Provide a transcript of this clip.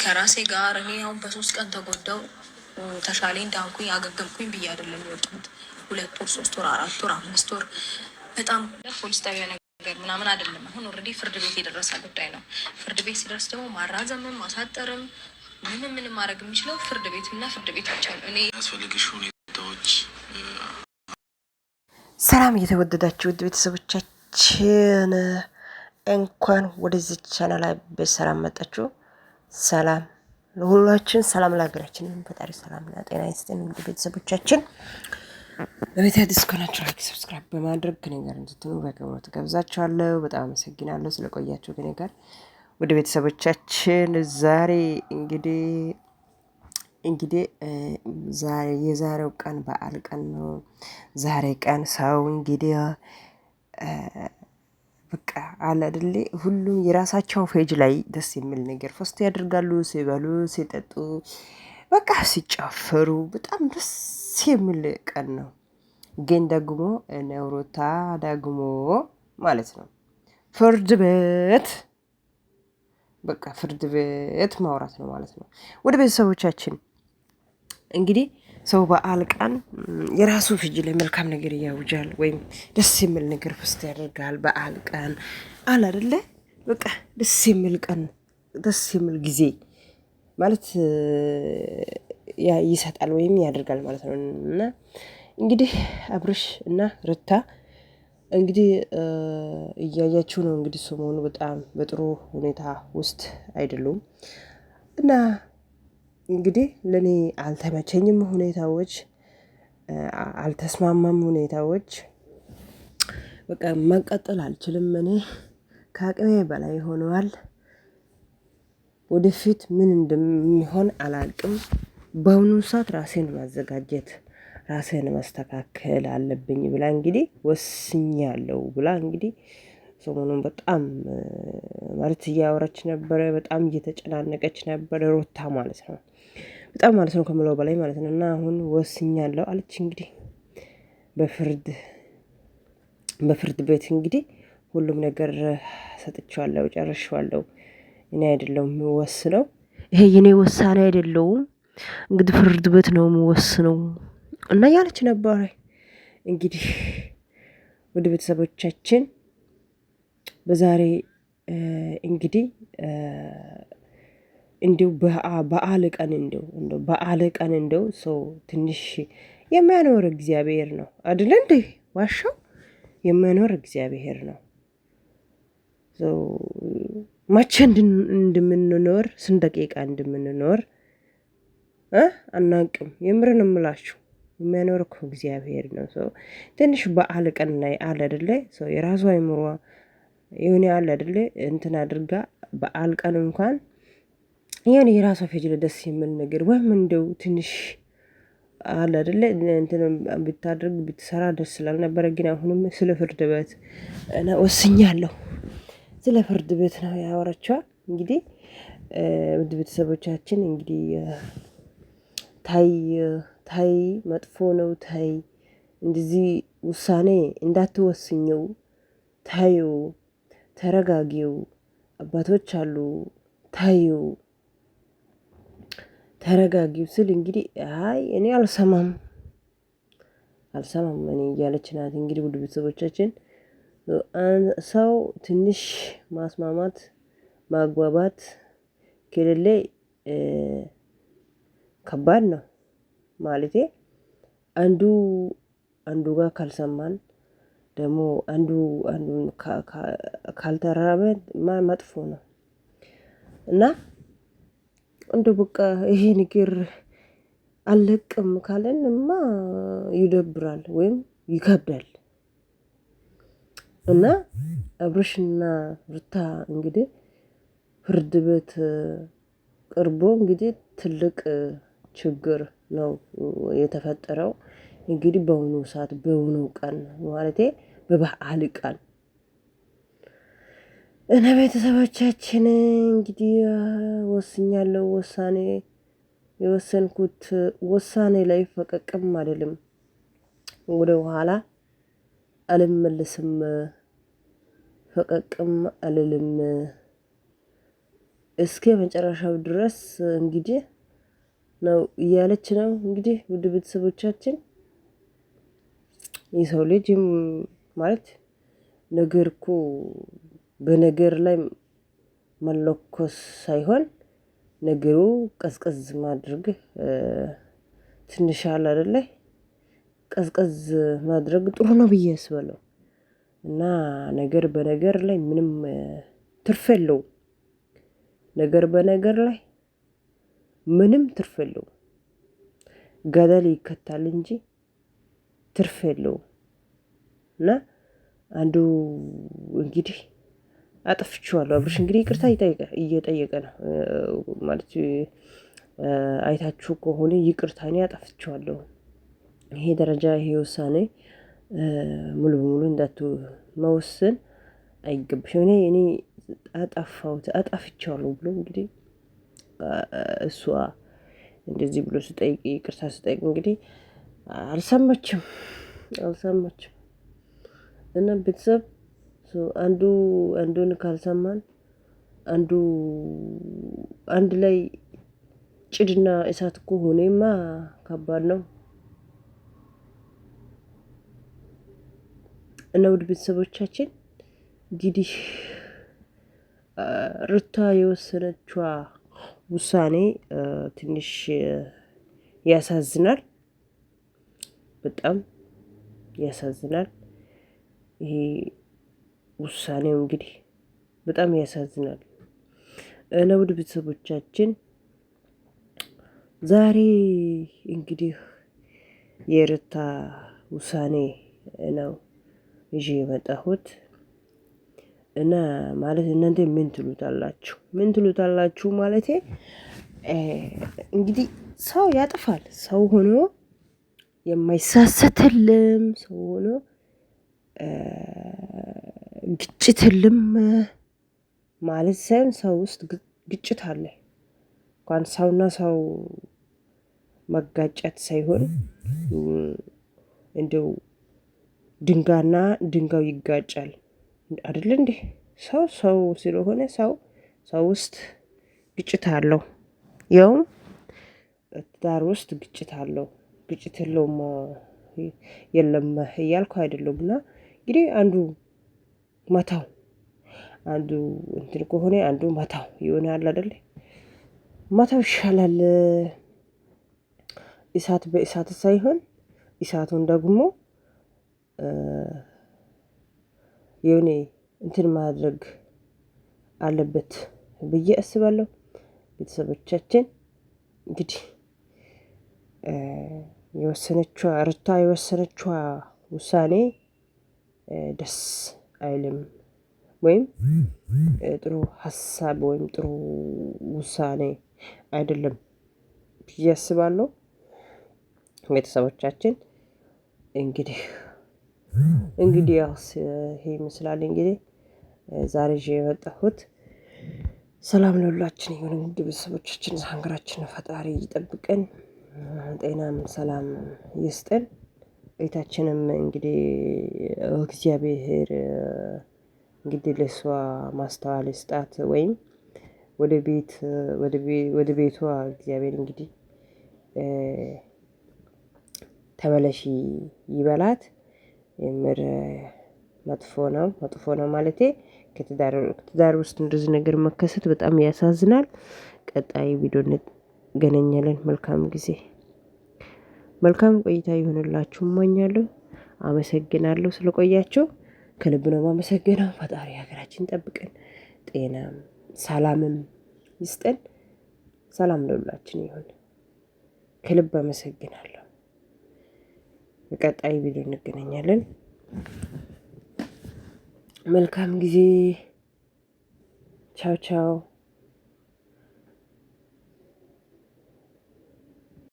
ከራሴ ጋር እኔ አሁን በሶስት ቀን ተጎዳው ተሻለኝ ዳንኩኝ አገገምኩኝ ብዬ አይደለም የወጡት። ሁለት ወር፣ ሶስት ወር፣ አራት ወር፣ አምስት ወር በጣም ፖሊስ ጣቢያ ነገር ምናምን አይደለም። አሁን ኦልሬዲ ፍርድ ቤት የደረሰ ጉዳይ ነው። ፍርድ ቤት ሲደርስ ደግሞ ማራዘምም ማሳጠርም ምንም ምንም ማድረግ የሚችለው ፍርድ ቤት እና ፍርድ ቤት ብቻ ነው። እኔ ያስፈልግሽ ሁኔታዎች ሰላም እየተወደዳችሁ ውድ ቤተሰቦቻችን እንኳን ወደዚህ ቻናል ላይ በሰላም መጣችሁ። ሰላም ለሁላችን፣ ሰላም ለሀገራችን፣ ፈጣሪ ሰላም ጤና ይስጠን። እንግዲህ ቤተሰቦቻችን በቤት አዲስ ከሆናችሁ ላይክ፣ ሰብስክራይብ በማድረግ ከኔ ጋር እንድትሆኑ በአክብሮት ጋብዛችኋለሁ። በጣም አመሰግናለሁ ስለቆያችሁ ከኔ ጋር ወደ ቤተሰቦቻችን ዛሬ እንግዲህ እንግዲህ ዛሬ የዛሬው ቀን በዓል ቀን ነው። ዛሬ ቀን ሰው እንግዲህ በቃ አለ አይደለ ሁሉም የራሳቸው ፌጅ ላይ ደስ የሚል ነገር ፈስቶ ያደርጋሉ። ሲበሉ፣ ሲጠጡ፣ በቃ ሲጨፈሩ በጣም ደስ የሚል ቀን ነው። ግን ደግሞ ነውሮታ ደግሞ ማለት ነው ፍርድ ቤት በቃ ፍርድ ቤት ማውራት ነው ማለት ነው። ወደ ቤተሰቦቻችን እንግዲህ ሰው በዓል ቀን የራሱ ፍጅ ላይ መልካም ነገር እያውጃል ወይም ደስ የሚል ነገር ፍስት ያደርጋል። በዓል ቀን አለ አደለ በቃ ደስ የሚል ቀን ደስ የሚል ጊዜ ማለት ይሰጣል ወይም ያደርጋል ማለት ነው። እና እንግዲህ አብርሽ እና ሩታ እንግዲህ እያያችሁ ነው። እንግዲህ ሰሞኑ በጣም በጥሩ ሁኔታ ውስጥ አይደሉም እና እንግዲህ ለእኔ አልተመቸኝም ሁኔታዎች አልተስማማም ሁኔታዎች በቃ መቀጠል አልችልም እኔ ከአቅሜ በላይ ሆነዋል። ወደፊት ምን እንደሚሆን አላቅም በአሁኑ ሰዓት ራሴን ማዘጋጀት ራሴን መስተካከል አለብኝ ብላ እንግዲህ ወስኛለሁ ብላ እንግዲህ ሰሞኑን በጣም ማለት እያወራች ነበረ። በጣም እየተጨናነቀች ነበረ ሩታ ማለት ነው። በጣም ማለት ነው ከምለው በላይ ማለት ነው። እና አሁን ወስኛለሁ አለች እንግዲህ በፍርድ በፍርድ ቤት እንግዲህ ሁሉም ነገር ሰጥቼዋለሁ፣ ጨርሼዋለሁ። እኔ አይደለሁም የምወስነው፣ ይሄ የኔ ውሳኔ አይደለውም። እንግዲህ ፍርድ ቤት ነው የምወስነው እና ያለች ነበረ እንግዲህ ወደ ቤተሰቦቻችን በዛሬ እንግዲህ እንዲሁ በዓል ቀን እንዲሁ እንዲሁ በዓል ቀን እንዲሁ ሰው ትንሽ የሚያኖር እግዚአብሔር ነው አይደል? እንደ ዋሻው የሚያኖር እግዚአብሔር ነው። መቼ እንደምንኖር ስንት ደቂቃ እንደምንኖር አናቅም። የምርን እምላችሁ የሚያኖር እኮ እግዚአብሔር ነው። ሰው ትንሽ በዓል ቀን ላይ አለ አይደለ? ሰው የራሱ አይምሯ ይሁን ያለ አይደለ እንትን አድርጋ በአልቀን እንኳን ይሁን የራሷ ፌጅለ ደስ የሚል ነገር ወይም እንደው ትንሽ አለ አይደለ እንትን ብታደርግ ብትሰራ ደስ ስላልነበረ፣ ግን አሁንም ስለ ፍርድ ቤት ወስኛለሁ። ስለ ፍርድ ቤት ነው ያወራችዋ። እንግዲህ ውድ ቤተሰቦቻችን እንግዲህ ታይ ታይ መጥፎ ነው። ታይ እንደዚህ ውሳኔ እንዳትወስኘው ታዩ ተረጋጊው፣ አባቶች አሉ ታዩ ተረጋጊው ስል እንግዲህ አይ እኔ አልሰማም አልሰማም እኔ እያለች ናት። እንግዲህ ውድ ቤተሰቦቻችን ሰው ትንሽ ማስማማት ማግባባት ከሌለ ከባድ ነው ማለቴ አንዱ አንዱ ጋር ካልሰማን ደግሞ አንዱ አንዱን ካልተራበ መጥፎ ነው እና እንደ በቃ ይሄ ነገር አልለቅም ካለንማ ይደብራል ወይም ይከብዳል። እና አብርሽና ሩታ እንግዲህ ፍርድ ቤት ቅርቦ እንግዲህ ትልቅ ችግር ነው የተፈጠረው። እንግዲህ በአሁኑ ሰዓት በአሁኑ ቀን ማለቴ በበዓል ቀን እና ቤተሰቦቻችን እንግዲህ ወስኛለሁ። ውሳኔ የወሰንኩት ውሳኔ ላይ ፈቀቅም አይደለም። ወደ ኋላ አልመልስም፣ ፈቀቅም አልልም። እስከ መጨረሻው ድረስ እንግዲህ ነው እያለች ነው። እንግዲህ ውድ ቤተሰቦቻችን የሰው ልጅ ማለት ነገር እኮ በነገር ላይ መለኮስ ሳይሆን ነገሩ ቀዝቀዝ ማድረግ ትንሽ አለ ቀዝቀዝ ማድረግ ጥሩ ነው ብዬ ያስበለው እና ነገር በነገር ላይ ምንም ትርፍ የለው። ነገር በነገር ላይ ምንም ትርፍ የለው። ገደል ይከታል እንጂ ትርፍ የለውም እና አንዱ እንግዲህ አጥፍቼዋለሁ አብርሽ እንግዲህ ይቅርታ እየጠየቀ ነው ማለት አይታችሁ ከሆነ ይቅርታ እኔ አጠፍቼዋለሁ ይሄ ደረጃ ይሄ ውሳኔ ሙሉ በሙሉ እንዳቱ መወሰን አይገባሽም እኔ እኔ አጠፋሁት አጠፍቼዋለሁ ብሎ እንግዲህ እሷ እንደዚህ ብሎ ስጠይቅ ይቅርታ ስጠይቅ እንግዲህ አልሰማችም አልሰማችም እና ቤተሰብ አንዱ አንዱን ካልሰማን አንዱ አንድ ላይ ጭድና እሳት እኮ ሆኔማ ከባድ ነው። እና ውድ ቤተሰቦቻችን እንግዲህ ሩታ የወሰነችዋ ውሳኔ ትንሽ ያሳዝናል፣ በጣም ያሳዝናል። ይሄ ውሳኔው እንግዲህ በጣም ያሳዝናል። ለውድ ቤተሰቦቻችን ዛሬ እንግዲህ የሩታ ውሳኔ ነው ይዤ የመጣሁት እና ማለት እናንተ ምን ትሉታላችሁ? ምን ትሉታላችሁ ማለት እንግዲህ ሰው ያጥፋል። ሰው ሆኖ የማይሳሰትልም ሰው ሆኖ ግጭት እልም ማለት ሳይሆን ሰው ውስጥ ግጭት አለ። እንኳን ሰውና ሰው መጋጨት ሳይሆን እንደው ድንጋይና ድንጋይ ይጋጫል አይደል እንዴ? ሰው ሰው ስለሆነ ሰው ሰው ውስጥ ግጭት አለው። ያውም ትዳር ውስጥ ግጭት አለው ግጭት የለውም የለም እያልኩ አይደለሁም እና እንግዲህ አንዱ መታው አንዱ እንትን ከሆነ አንዱ መታው የሆነ አለ አይደለ ይሻላል። እሳት በእሳት ሳይሆን እሳቱን ደግሞ የሆነ እንትን ማድረግ አለበት ብዬ አስባለሁ። ቤተሰቦቻችን እንግዲህ የወሰነችዋ ሩታ የወሰነችዋ ውሳኔ ደስ አይልም ወይም ጥሩ ሀሳብ ወይም ጥሩ ውሳኔ አይደለም ብዬ አስባለሁ። ቤተሰቦቻችን እንግዲህ እንግዲህ ያው ይሄ ይመስላል እንግዲህ ዛሬ ይዤ የመጣሁት ሰላም ለሁላችን ይሁን እንግዲህ ቤተሰቦቻችን ሀገራችንን ፈጣሪ ይጠብቀን ጤናም ሰላም ይስጠን። እህታችንም እንግዲህ እግዚአብሔር እንግዲህ ለእሷ ማስተዋል ስጣት ወይም ወደ ቤት ወደ ቤቷ እግዚአብሔር እንግዲህ ተመለሺ ይበላት። የምር መጥፎ ነው መጥፎ ነው ማለቴ ከትዳር ውስጥ እንደዚህ ነገር መከሰት በጣም ያሳዝናል። ቀጣይ ቪዲዮ እንገናኛለን። መልካም ጊዜ መልካም ቆይታ ይሆንላችሁ እመኛለሁ። አመሰግናለሁ ስለቆያቸው ከልብ ነው ማመሰግነው። ፈጣሪ ሀገራችን ጠብቀን ጤናም ሰላምም ይስጠን። ሰላም ለሁላችን ይሁን። ከልብ አመሰግናለሁ። በቀጣይ ቪዲዮ እንገናኛለን። መልካም ጊዜ። ቻው ቻው።